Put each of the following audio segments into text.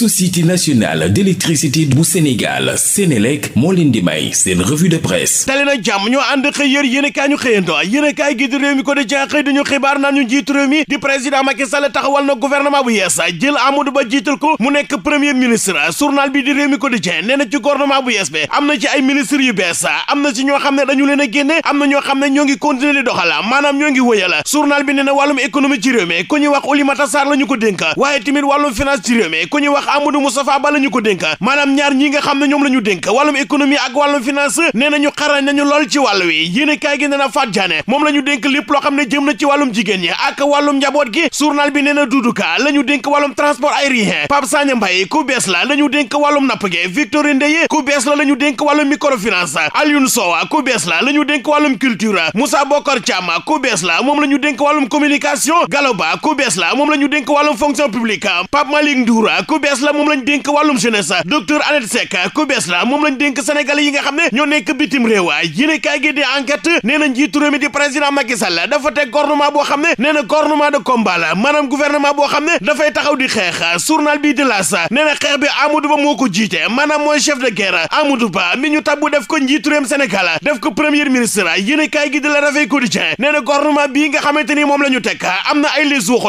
société nationale d'électricité bu Sénégal Sénélec moo leen di may seen revue de presse tali na jàmm ñoo ànd xëy yër yéen kaay ñu xëyanto yéen a kaay gi di réew mi ko di jenxëy dañu xibaar naan ñu njiitu réew mi di président Macky Sall taxawal na gouvernement bu yees jël Amadou Ba jiital ko mu nekk premier ministre journal bi di réew mi ko di jen nee ci gouvernement bu yees bi am na ci ay ministres yu bees am na ci ñoo xam ne dañu leen a génne Amadou Moustapha Ba la ko dénk maanaam ñaar ñi nga xam ne ñoom la ñu dénk wàllum économie ak wàllum finance nee nañu xarañ nañu lool ci wàll wi yéen kaay gi nee na Fatou moom la ñu dénk lépp loo xam ne jëm na ci wàllum jigéen ñi ak wàllum njaboot gi journal bi nee na Doudou Ka la ñu dénk wàllum transport aérien Pape Sagna Mbaye ku bees la la ñu dénk wàllum napp gi Victorine Ndeye la la ñu dénk wàllum microfinance Alioune Sow ku bees la la ñu dénk wàllum culture Moussa Bokar Thiam ku bees la moom la ñu dénk wàllum communication Galoba ku bees la moom la ñu dénk wàllum fonction publique bees la moom lañ dénk wàllum jeunesse la moom lañ dénk yi nga xam ne ñoo nekk bitim réew yéene kaay gi di enquête nee na di président Macky Sall dafa te gouvernement boo xam ne nee na gouvernement de combat la maanaam gouvernement boo xam ne dafay taxaw di xeex journal bii di laas a na xeex bi Amadou Ba moo ko jiite maanaam mooy chef de guerre Amadou Ba mi ñu tabbu def ko njiitu réewum Sénégal def ko premier ministre yéene kaay gi di la rafet quotidien nee na gouvernement bii nga xamante ni moom la ñu teg am na ay les suuxu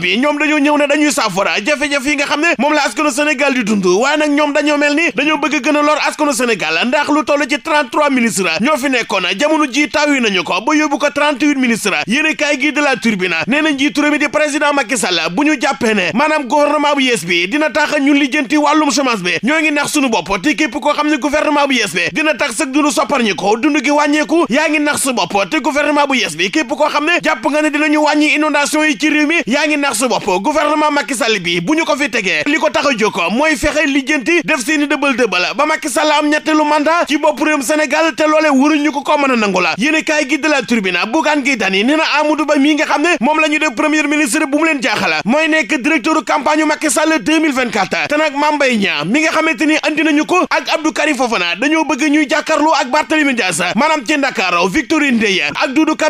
bi ñoom dañoo ñëw ne dañuy saafara jafe yi nga xam moom la askanu Sénégal di dund waaye nag ñoom dañoo mel ni dañoo bëgg gën a lor askanu Sénégal ndax lu toll ci 33 ministres ñoo fi nekkoon jamono ji jii yi nañu ko ba yóbbu ko 38 ministres yéen kaay gi de la turbine nee na njiitu réew di président Macky Sall bu ñu jàppee ne maanaam gouvernement bu yees bi dina tax ñun lijjanti wàllum chômage bi ñoo ngi nax suñu bopp te képp koo xam ne gouvernement bu yees bi dina tax sëg dund soppar ñi ko wàññeeku yaa ngi nax su bopp te gouvernement bu yees bi képp koo xam ne jàpp nga ne dinañu wàññi inondation yi ci réew yaa ngi nax su bopp gouvernement Macky Sall bi bu ñu ko fi tegee li ko tax a jóg mooy fexe lijjanti def seeni dëbal dëbal ba Macky Sall am ñetteelu mandat ci bopp réewum te loolee waruñu ko ko mën a nangu la yéen kaay gi de la Tribune Bougane Gueye Dany nee na Amadou Ba mii nga xam ne moom la ñu def premier ministre bu leen jaaxala mooy nekk directeur campagne Macky Sall 2024 te nag Mame Mbaye Niang mi nga xamante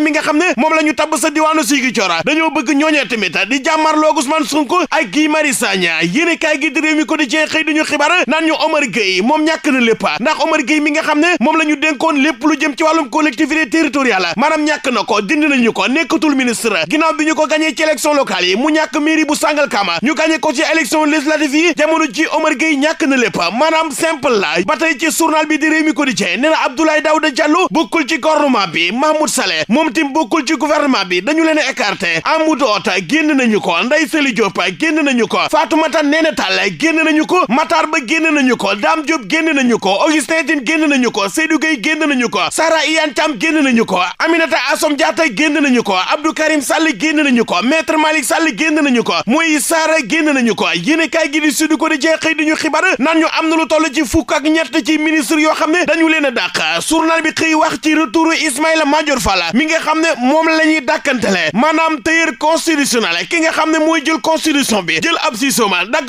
mi nga xam ne moom la ñu tabb sa diwaanu Ziguinchor dañoo bëgg ñooñee tamit di jàmmarloo Ousmane Sonko ak Guy Marius Sagna yéene kaay gi di réew mi ko di jeex xëy duñu xibaar naan ñu Omar Gueye moom ñàkk na lépp ndax Omar Gueye mi nga xam ne moom la ñu dénkoon lépp lu jëm ci wàllum collectivité territoriale maanaam ñàkk na ko dindi nañu ko nekkatul ministre ginnaaw bi ñu ko gàñee ci élection locale yi mu ñàkk mairie bu Sangalkam ñu gàñee ko ci élection législative yi jamono ji Omar Gueye ñàkk na lépp maanaam simple la ba tey ci journal bi di ko di jeex nee na Abdoulaye Daouda Diallo bokkul Aïssata Tall génn nañu ko Matar Ba na nañu ko Dame Diop génn nañu ko Augustin Tine na nañu ko Seydou Gueye génn nañu ko Sahara Iyane Thiam génn nañu ko Aminata Assome Diatta génn nañu ko Abdou Karim Sall génn nañu ko Maître Malick Sall génn nañu ko Moïse Sarr génn nañu ko yéenekaay gi ñu xibaar naan ñu am na lu toll ci fukk ak ñett ci ministre yoo xam ne dañu leen a dàq journal bi xëy wax ci retouru Ismaïla Madior Fall mi nga xam ne moom la ñuy nt maanaam tailleur constitutionnel ki nga xam ne mooy jël constitution bi jël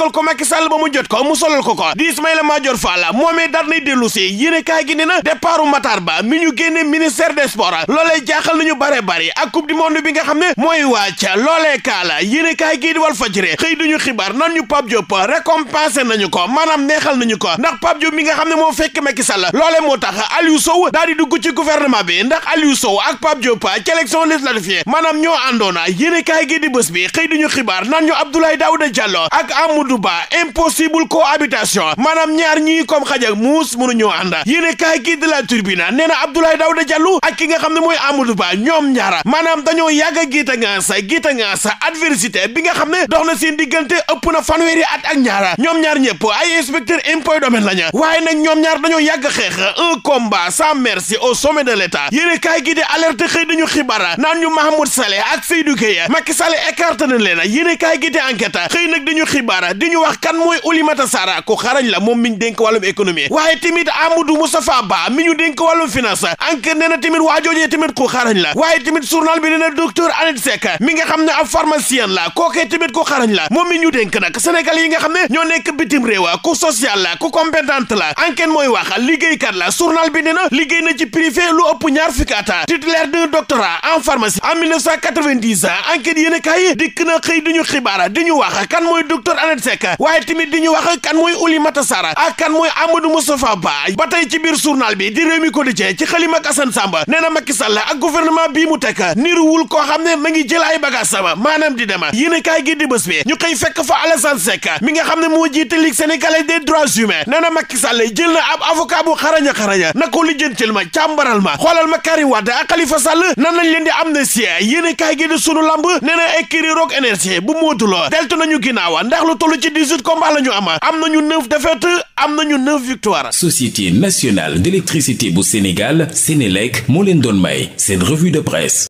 fekkal ko Macky ba mu jot ko mu solal ko ko di Ismaïla Madior Fall moomee dar nay dellu si yéene gi ne na départu Ba mi ñu génne ministère des sports jaaxal nañu bare bari ak coupe du monde bi nga xam ne mooy wàcc loolee kaala yéene kaay gii di Walf Fadjri xibaar nan ñu Pape Diop récompensé nañu ko maanaam neexal nañu ko ndax Pape Diop mi nga xam ne moo fekk Macky Sall loolee moo tax Aliou Sow daal di dugg ci gouvernement bi ndax Aliou Amadou Ba impossible cohabitation maanaam ñaar ñii comme xaj ak muus mënuñoo ànd yéene kaay gi de la Tribune nee na Abdoulaye Daouda Diallo ak ki nga xam ne mooy Amadou Ba ñoom ñaara maanaam dañoo yàgg a giita ngaa sa giita ngaa sa adversité bi nga xam ne dox na seen diggante ëpp na fanweeri at ak ñaara ñoom ñaar ñëpp ay inspecteur impôt domaine lañu waaye nag ñoom ñaar dañoo yàgg xeex un combat sans merci au sommet de l'État yéene kaay gi alerte xëy dañu xibaar naan ñu Mahmoud Saleh ak Seydou Gueye Macky Sall écarté di enquête xëy di ñu wax kan mooy Oulimata Sarr ku xarañ la moom mi ñu dénk wàllum économie waaye tamit Amadou Moustapha Ba mi ñu dénk wàllum finance enquête nee na tamit waajoojee tamit xarañ la waaye tamit journal bi nee na docteur Annette mi nga xam ne ab pharmacien la kookee tamit ku xarañ la moom mi ñu dénk nag Sénégal yi nga xam ne ñoo nekk bitim réew ku social la ku compétente la enquête mooy wax liggéeykat la journal bi nee liggéey na ci privé lu ëpp ñaar fukki at titulaire d'un doctorat en pharmacie na xëy di ñu xibaara nekk waaye tamit di ñu wax kan mooy Oulimata Sarr ak kan mooy Amadou Moustapha Ba ba tey ci biir journal bi di Rewmi Quotidien ci xalima ak Samba nee na Macky Sall ak gouvernement bii mu tekk niruwul koo xam ne ma jël ay bagage sama di dema yéen a kaay gi ñu koy fekk fa Alassane Seck mi nga xam ne moo jiite Ligue sénégalaise des droits humains nee jël na ab avocat bu xaraña xaraña na ko lijjantil ma càmbaral ma xoolal ma Karim Wade ak a kaay gi toll ci dix-huit combats la ñu am nañu neuf défaites am nañu neuf victoires. Société nationale d'électricité bu Sénégal Sénélec moo leen doon may seen revue de presse.